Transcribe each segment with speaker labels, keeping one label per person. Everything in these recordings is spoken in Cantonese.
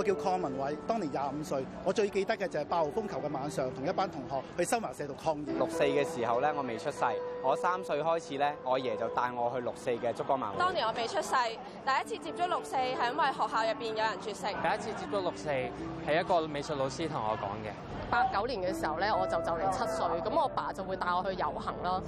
Speaker 1: 我叫鄺文偉，當年廿五歲，我最記得嘅就係八號風球嘅晚上，同一班同學去新華社度抗議。六四
Speaker 2: 嘅時候咧，我未出世。我三歲開始咧，我爺就帶我去六四嘅燭光晚。當年
Speaker 3: 我未出世，第一次接觸六四係因為學校入邊有人絕食。第
Speaker 2: 一次接觸六四係一個美術老師同我講嘅。
Speaker 3: 八九年嘅時候咧，我就就嚟七歲，咁我爸就會帶我去遊行啦。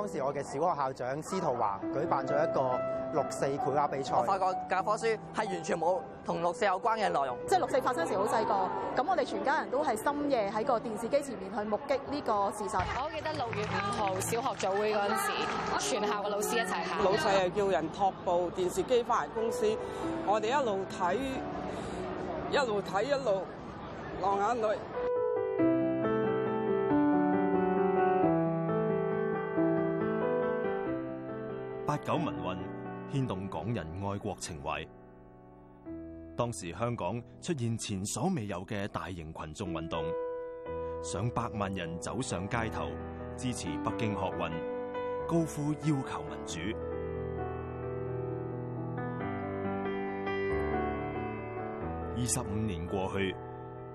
Speaker 2: 當時我嘅小學校長司徒華舉辦咗一個六四繪畫比賽。我發覺教科書係完全冇同六四有關嘅內容。
Speaker 3: 即係六四發生時好細個，咁我哋全家人都係深夜喺個電視機前面去目擊呢個事實。我記得六月五號小學早會嗰時，全校嘅老師一齊行。老細又
Speaker 4: 叫人托部電視機翻嚟公司，我哋一路睇，
Speaker 3: 一路睇一路流眼淚。
Speaker 5: 八九民運牽動港人愛國情懷，當時香港出現前所未有嘅大型群眾運動，上百萬人走上街頭支持北京學運，高呼要求民主。二十五年過去，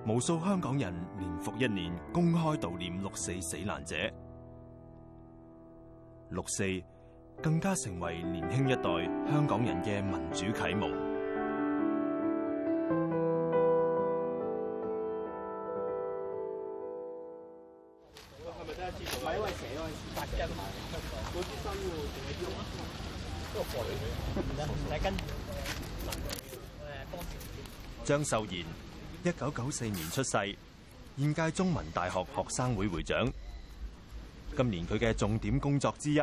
Speaker 5: 無數香港人年復一年公開悼念六四死難者。六四。更加成為年輕一代香港人嘅民主啟
Speaker 2: 蒙。
Speaker 5: 張秀賢，一九九四年出世，現屆中文大學學生會會長。今年佢嘅重點工作之一，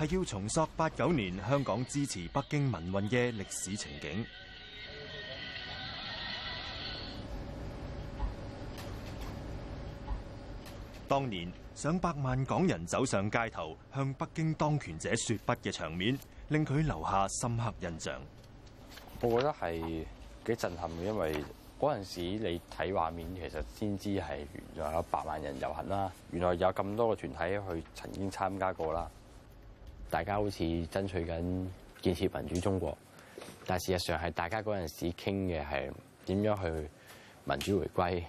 Speaker 5: 係要重塑八九年香港支持北京民運嘅歷史情景。當年上百萬港人走上街頭向北京當權者說不嘅
Speaker 2: 場面，令佢留下深刻印象。我覺得係幾震撼嘅，因為嗰陣時你睇畫面，其實先知係原來有百萬人遊行啦，原來有咁多個團體去曾經參加過啦。大家好似爭取緊建設民主中國，但事實上係大家嗰陣時傾嘅係點樣去民主回歸，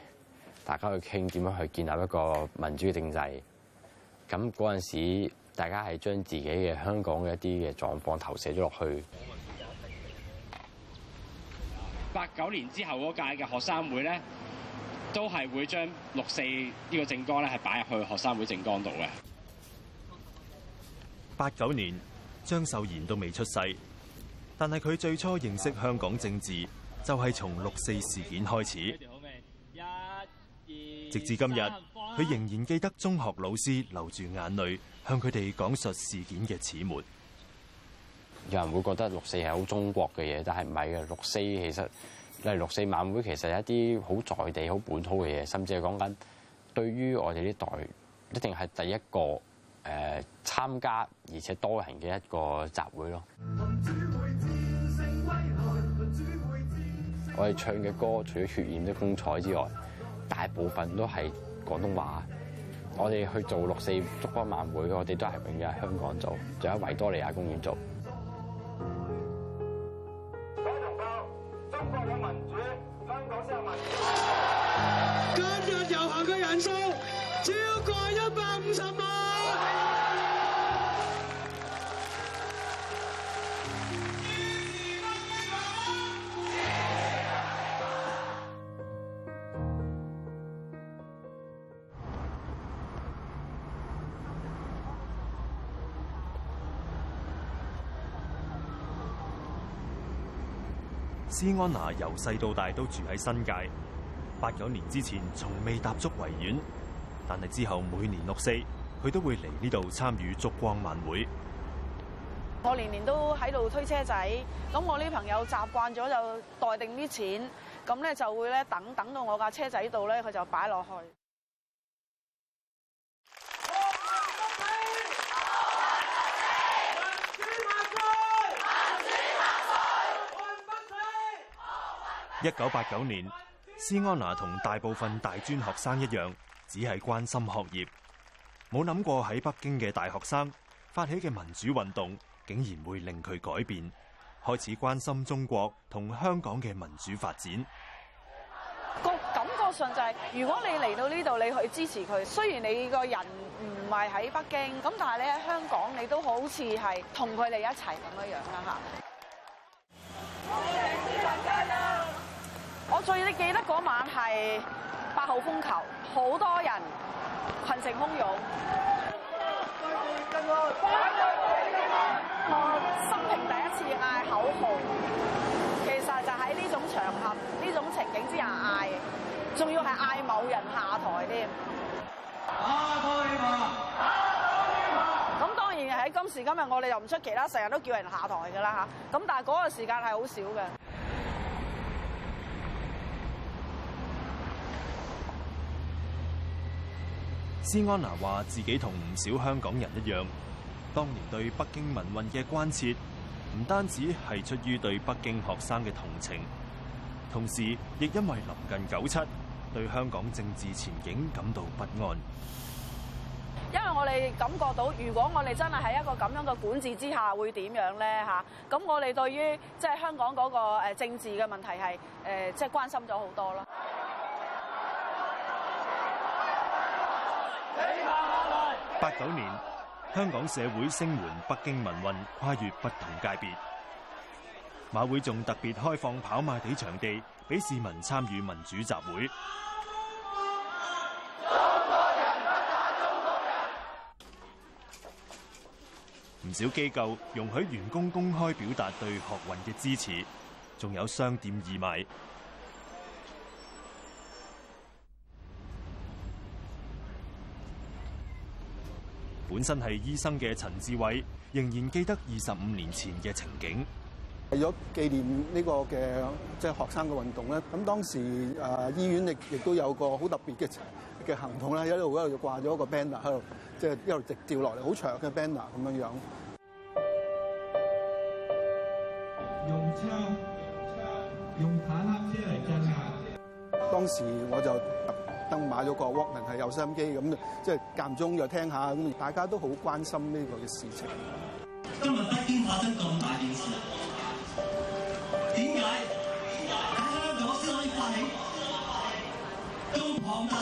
Speaker 2: 大家去傾點樣去建立一個民主嘅政制。咁嗰陣時，大家係將自己嘅香港嘅一啲嘅狀況投射咗落去。八九年之後嗰屆嘅學生會咧，都係會將六四呢個政綱咧係擺入去學生會政綱度嘅。
Speaker 5: 八九年，張秀賢都未出世，但係佢最初認識香港政治，就係從六四事件開始。直至今日，佢仍然記得中學老師流住眼淚，向佢哋講述事件嘅始末。有
Speaker 2: 人會覺得六四係好中國嘅嘢，但係唔係啊。六四其實，例如六四晚會，其實一啲好在地、好本土嘅嘢，甚至係講緊，對於我哋呢代，一定係第一個。誒、呃、參加而且多人嘅一個集會咯。
Speaker 5: 我哋唱
Speaker 2: 嘅歌除咗血染咗風采之外，大部分都係廣東話。我哋去做六四燭光晚會，我哋都係永遠喺香港做，仲喺維多利亞公園做。
Speaker 5: 施安娜由細到大都住喺新界，八九年之前從未踏足維園，但係之後每年六四，佢都會嚟呢度參與燭光晚會。
Speaker 4: 我年年都喺度推車仔，咁我呢朋友習慣咗就待定啲錢，咁咧就會咧等等到我架車仔度咧，佢就擺落去。
Speaker 5: 一九八九年，施安娜同大部分大專學生一樣，只係關心學業，冇諗過喺北京嘅大學生發起嘅民主運動，竟然會令佢改變，開始關心中國同香港嘅民主發展。
Speaker 4: 個感覺上就係、是，如果你嚟到呢度，你去支持佢，雖然你個人唔係喺北京，咁但係你喺香港，你都好似係同佢哋一齊咁樣樣啦，吓。我最記得嗰晚係八號風球，好多人群情洶湧，生、啊、平第一次嗌口號，其實就喺呢種場合、呢種情景之下嗌，仲要係嗌某人下台添。咁、啊、討厭啊、當然喺今時今日我們，我哋又唔出奇啦，成日都叫人下台㗎啦嚇。咁但係嗰個時間係好少嘅。
Speaker 5: 施安娜話自己同唔少香港人一樣，當年對北京民運嘅關切，唔單止係出於對北京學生嘅同情，同時亦因為臨近九七，對香港政治前景感到不安。
Speaker 4: 因為我哋感覺到，如果我哋真係喺一個咁樣嘅管治之下，會點樣咧？吓，咁我哋對於即係香港嗰個誒政治嘅問題係誒即係關心咗好多啦。
Speaker 5: 八九年，香港社會聲援北京民運，跨越不同界別。馬會仲特別開放跑馬地場地，俾市民參與民主集會。唔少機構容許員工公開表達對學運嘅支持，仲有商店義賣。本身係醫生嘅陳志偉，仍然記得二十五年前嘅情景。
Speaker 1: 為咗紀念呢個嘅即係學生嘅運動咧，咁當時誒醫院亦亦都有一個好特別嘅嘅行動啦，喺度嗰度掛咗一個 band 啊，喺度即係一路直掉落嚟，好長嘅 band 啊咁樣樣。用槍，用坦克車嚟鎮壓。當時我就。登買咗個 Walkman 係有心機咁，即係間中又聽下咁，大家都好關心呢個嘅事情。
Speaker 5: 今日北京發生咁大件事，
Speaker 2: 點解喺香港先可以發起咁龐大、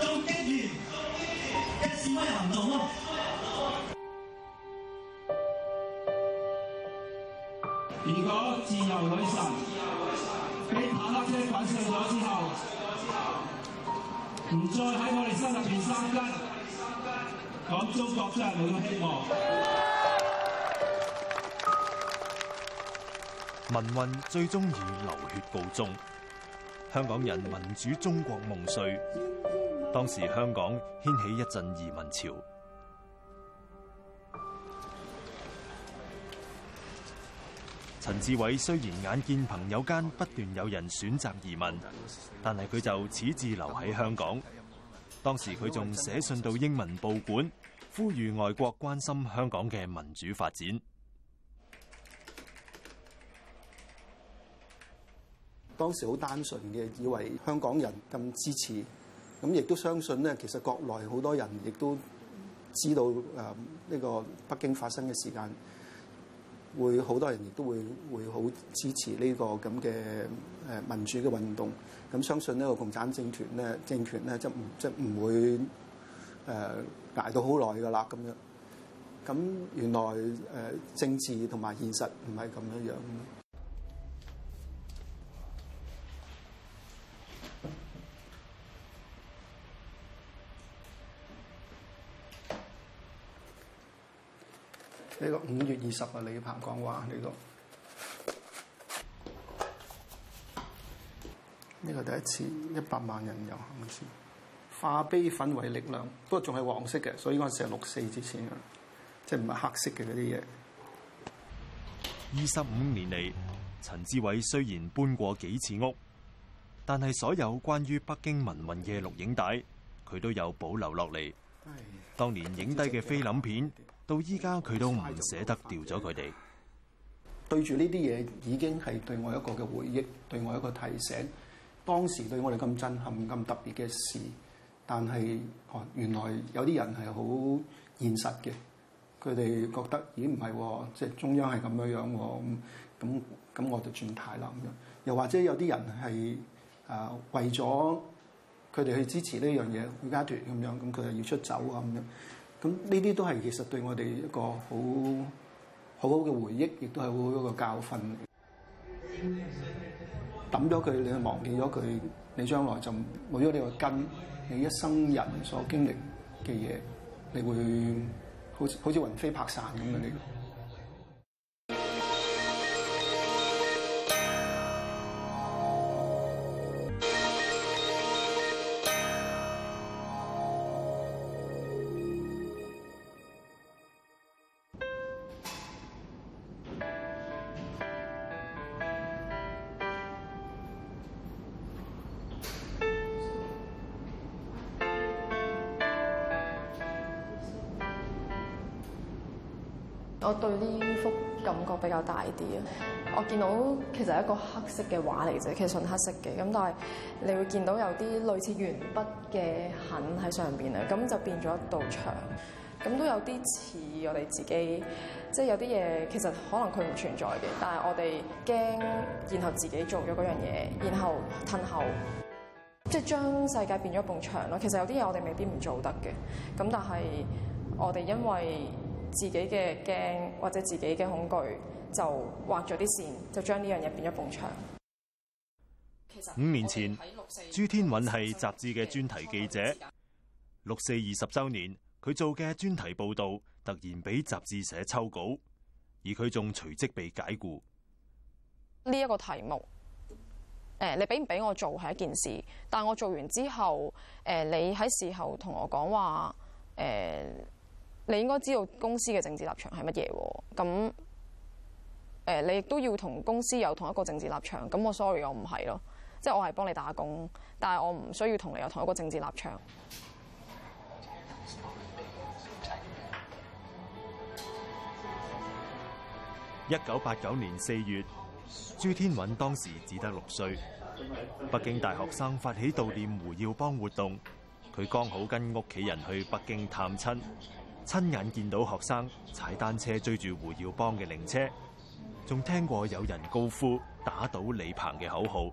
Speaker 5: 咁堅決嘅示威行動啊？如果自由女神
Speaker 1: 俾坦克車粉碎咗之後，唔再喺我哋心入面生根，講中國真係冇希
Speaker 5: 望。民運最終以流血告終，香港人民主中國夢碎。當時香港掀起一陣移民潮。陳志偉雖然眼見朋友間不斷有人選擇移民，但係佢就始自留喺香港。當時佢仲寫信到英文報館，呼籲外國關心香港嘅民主發展。
Speaker 1: 當時好單純嘅，以為香港人咁支持，咁亦都相信呢。其實國內好多人亦都知道誒、呢個北京發生嘅事件。會好多人亦都會會好支持呢、這個咁嘅誒民主嘅運動，咁、嗯、相信呢個共產政權咧政權咧就唔、即唔會誒捱、呃、到好耐㗎啦咁樣，咁原來誒、呃、政治同埋現實唔係咁樣樣。呢個五月二十嘅李鵬講話，呢個呢個第一次一百萬人遊行，好次化悲憤為力量，不過仲係黃色嘅，所以嗰陣時係六四之前嘅，即係唔係黑色嘅嗰啲嘢。
Speaker 5: 二十五年嚟，陳志偉雖然搬過幾次屋，但係所有關於北京文運嘅錄影帶，佢都有保留落嚟。當年影低嘅菲林片。到依家佢都唔捨得掉咗佢哋。
Speaker 1: 對住呢啲嘢已經係對我一個嘅回憶，對我一個提醒。當時對我哋咁震撼、咁特別嘅事，但係哦，原來有啲人係好現實嘅。佢哋覺得咦，唔係喎，即係中央係咁樣樣、哦、喎。咁咁咁我就轉態啦咁樣。又或者有啲人係啊、呃、為咗佢哋去支持呢樣嘢，會家團咁樣，咁佢又要出走啊咁樣。噉呢啲都係其實對我哋一個好好好嘅回憶，亦都係好好一個教訓，抌咗佢，你去忘記咗佢，你將來就冇咗你個根。你一生人所經歷嘅嘢，你會好似好似雲飛魄散咁樣。呢個，嗯。
Speaker 3: 我見到其實係一個黑色嘅畫嚟啫，其實係純黑色嘅咁，但係你會見到有啲類似鉛筆嘅痕喺上邊啊，咁就變咗一道牆。咁都有啲似我哋自己，即係有啲嘢其實可能佢唔存在嘅，但係我哋驚，然後自己做咗嗰樣嘢，然後褪後，即係將世界變咗一埲牆咯。其實有啲嘢我哋未必唔做得嘅，咁但係我哋因為自己嘅驚或者自己嘅恐懼，就畫咗啲線，就將呢樣嘢變咗埲牆。五年前，朱天允係
Speaker 5: 雜誌嘅專題記者。六四二十周年，佢做嘅專題報道突然俾雜誌社抽稿，而佢仲隨即被解雇。
Speaker 3: 呢一個題目，誒，你俾唔俾我做係一件事，但我做完之後，誒，你喺事後同我講話，誒，你應該知道公司嘅政治立場係乜嘢咁。誒，你亦都要同公司有同一個政治立場。咁我 sorry，我唔係咯，即係我係幫你打工，但係我唔需要同你有同一個政治立場。
Speaker 5: 一九八九年四月，朱天韻當時只得六歲。北京大學生發起悼念胡耀邦活動，佢剛好跟屋企人去北京探親，親眼見到學生踩單車追住胡耀邦嘅靈車。仲聽過有人高呼打倒李鵬嘅口號，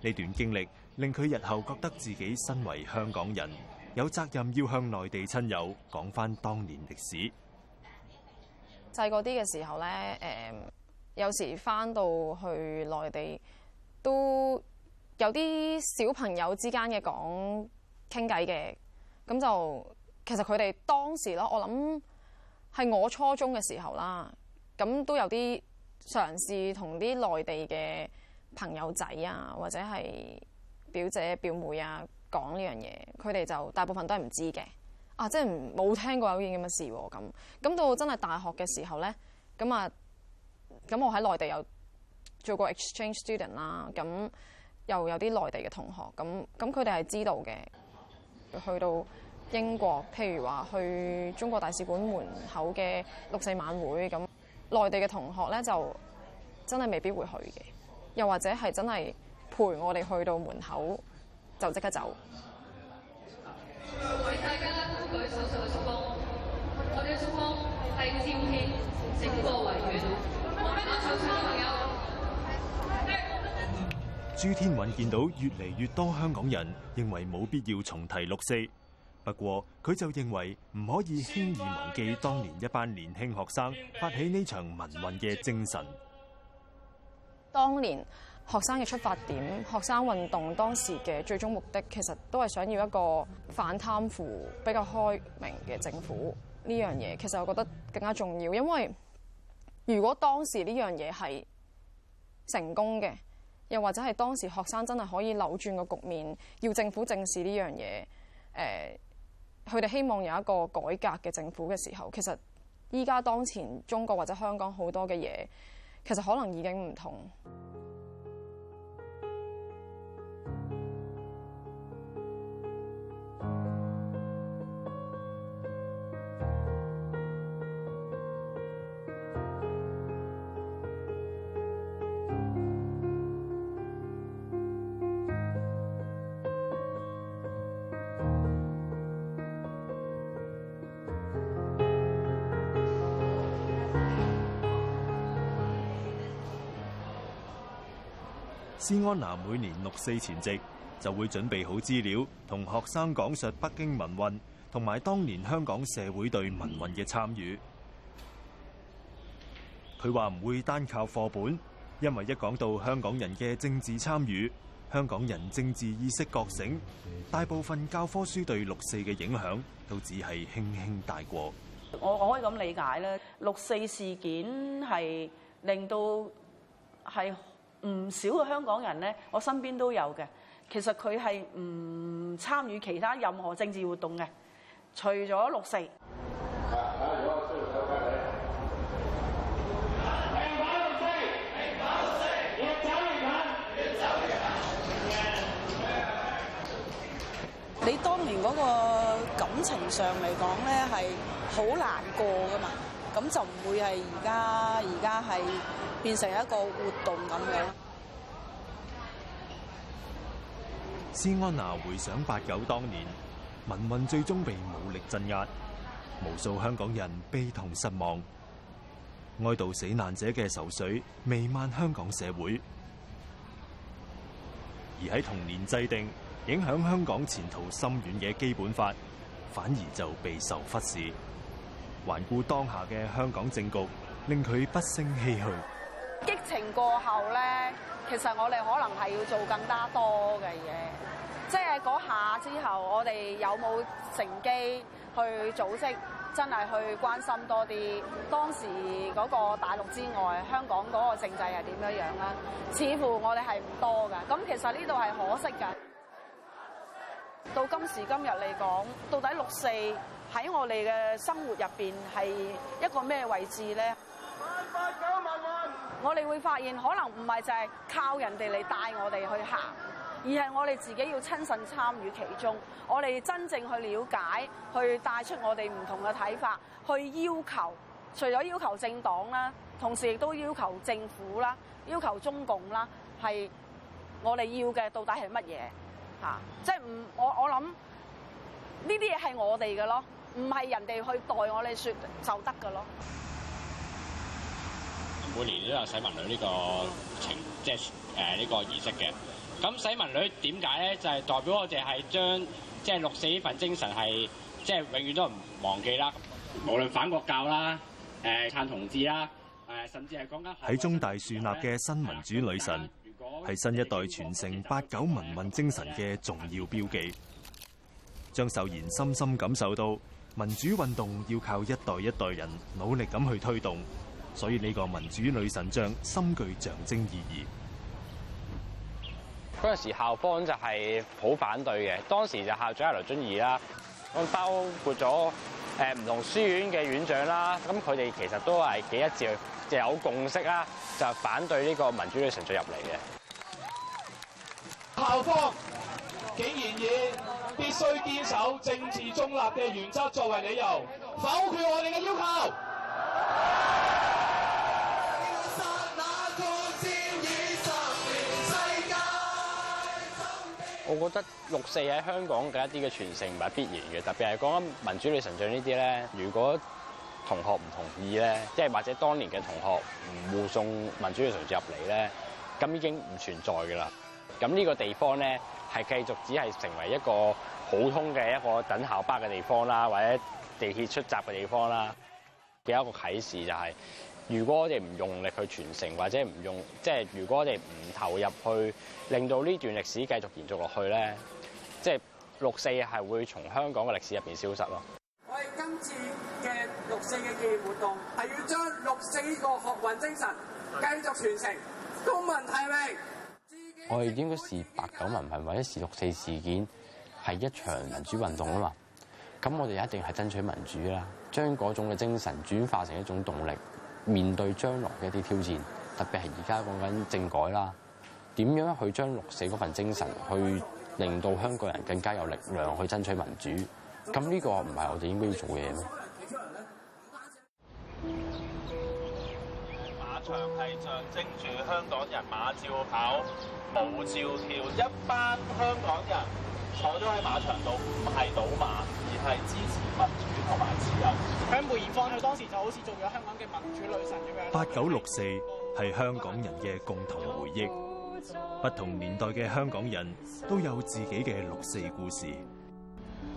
Speaker 5: 呢段經歷令佢日後覺得自己身為香港人有責任要向內地親友講翻當年歷史。
Speaker 3: 細個啲嘅時候咧，誒、嗯，有時翻到去內地都有啲小朋友之間嘅講傾偈嘅，咁就其實佢哋當時咯，我諗係我初中嘅時候啦。咁都有啲嘗試同啲內地嘅朋友仔啊，或者係表姐表妹啊講呢樣嘢，佢哋就大部分都係唔知嘅啊，即係冇聽過有呢樣咁嘅事喎、啊。咁咁到真係大學嘅時候咧，咁啊咁我喺內地有做過 exchange student 啦、啊，咁又有啲內地嘅同學，咁咁佢哋係知道嘅。去到英國，譬如話去中國大使館門口嘅六四晚會咁。內地嘅同學咧，就真係未必會去嘅，又或者係真係陪我哋去到門口就即刻走。大家舉手嘅我哋天朱、哎哎哎
Speaker 5: 哎，天允見到越嚟越多香港人認為冇必要重提六四。不過佢就認為唔可以輕易忘記當年一班年輕學生發起呢場民運嘅精神。
Speaker 3: 當年學生嘅出發點，學生運動當時嘅最終目的，其實都係想要一個反貪腐、比較開明嘅政府呢樣嘢。其實我覺得更加重要，因為如果當時呢樣嘢係成功嘅，又或者係當時學生真係可以扭轉個局面，要政府正視呢樣嘢，誒、呃。佢哋希望有一個改革嘅政府嘅時候，其實依家當前中國或者香港好多嘅嘢，其實可能已經唔同。
Speaker 5: 施安娜每年六四前夕就會準備好資料，同學生講述北京民運同埋當年香港社會對民運嘅參與。佢話唔會單靠課本，因為一講到香港人嘅政治參與、香港人政治意識覺醒，大部分教科書對六四嘅影響都只係輕輕帶過。
Speaker 4: 我可以咁理解咧，六四事件係令到係。唔少嘅香港人咧，我身邊都有嘅。其實佢係唔參與其他任何政治活動嘅，除咗六四。
Speaker 1: 平反六四，
Speaker 2: 平反六四，要走平反，要走平反。
Speaker 4: 你當年嗰個感情上嚟講咧，係好難過㗎嘛。咁就唔會係而家，而家係。變成一個
Speaker 5: 活動咁樣的。施安娜回想八九當年，民運最終被武力鎮壓，無數香港人悲痛失望，哀悼死難者嘅愁緒，瀰漫香港社會。而喺同年制定影響香港前途深遠嘅基本法，反而就備受忽視。環顧當下嘅香港政局，令佢不勝唏噓。
Speaker 4: 激情過後咧，其實我哋可能係要做更加多嘅嘢，即係嗰下之後，我哋有冇乘機去組織，真係去關心多啲當時嗰個大陸之外，香港嗰個政制係點樣樣啊？似乎我哋係唔多噶，咁其實呢度係可惜噶。到今時今日嚟講，到底六四喺我哋嘅生活入邊係一個咩位置咧？我哋會發現，可能唔係就係靠人哋嚟帶我哋去行，而係我哋自己要親身參與其中，我哋真正去了解，去帶出我哋唔同嘅睇法，去要求，除咗要求政黨啦，同時亦都要求政府啦，要求中共啦，係我哋要嘅到底係乜嘢？嚇，即係唔，我我諗呢啲嘢係我哋嘅咯，唔係人哋去代我哋説就得嘅咯。
Speaker 2: 每年都有洗文女呢個情，即係誒呢個儀式嘅。咁洗文女點解咧？就係代表我哋係將即係六四呢份精神係即係永遠都唔忘記啦。無論反國教啦、誒撐同志啦、誒甚至係講緊喺
Speaker 5: 中大樹立嘅新民主女神，係新一代傳承八九民運精神嘅重要標記。張秀賢深深感受到，民主運動要靠一代一代人努力咁去推動。所以呢個民主女神像深具象徵意義。
Speaker 2: 嗰陣時校方就係好反對嘅，當時就校長係劉遵義啦，咁包括咗誒唔同書院嘅院長啦，咁佢哋其實都係幾一致，有、就是、共識啦，就反對呢個民主女神像入嚟嘅。校方竟然以必須堅守政治中立嘅原則作為理由，否決我哋嘅要求。我覺得六四喺香港嘅一啲嘅傳承唔係必然嘅，特別係講緊民主女神像呢啲咧。如果同學唔同意咧，即係或者當年嘅同學唔護送民主女神像入嚟咧，咁已經唔存在噶啦。咁呢個地方咧係繼續只係成為一個普通嘅一個等校巴嘅地方啦，或者地鐵出閘嘅地方啦。嘅一個啟示就係、是。如果我哋唔用力去傳承，或者唔用，即係如果我哋唔投入去，令到呢段歷史繼續延續落去咧，即係六四係會從香港嘅歷史入邊消失咯。我哋今次嘅六四嘅紀念活動，係要將六四個學運精神繼續傳承，公民提名。我哋應該是八九民運或者是六四事件係一場民主運動啊嘛。咁我哋一定係爭取民主啦，將嗰種嘅精神轉化成一種動力。面對將來嘅一啲挑戰，特別係而家講緊政改啦，點樣去將六四嗰份精神去令到香港人更加有力量去爭取民主？咁、這、呢個唔係我哋應該要做嘅嘢咩？馬場係象徵
Speaker 5: 住香港人，馬照跑，舞
Speaker 2: 照跳，一班香港人坐咗喺馬場度，唔係賭馬，而係。支。當時就好似做咗香港嘅
Speaker 5: 民主女神咁樣。八九六四係香港人嘅共同回憶，不同年代嘅香港人都有自己嘅六四故事。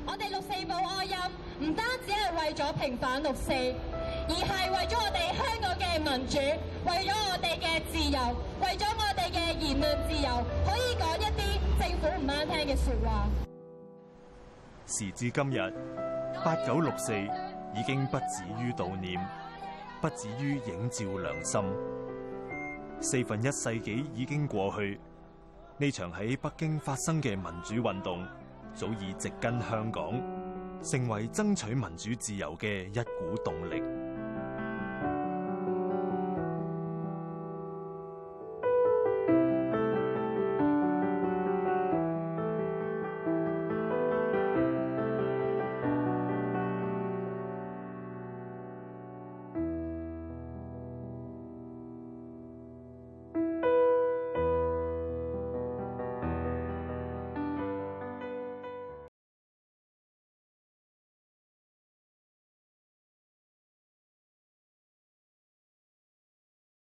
Speaker 3: 我哋六四冇哀音，唔單止係為咗平反六四，而係為咗我哋香港嘅民主，為咗我哋嘅自由，為咗我哋嘅言論自由，可以講一啲政府唔啱聽嘅說話。
Speaker 5: 時至今日，八九六四。已經不止於悼念，不止於映照良心。四分一世紀已經過去，呢場喺北京發生嘅民主運動，早已植根香港，成為爭取民主自由嘅一股動力。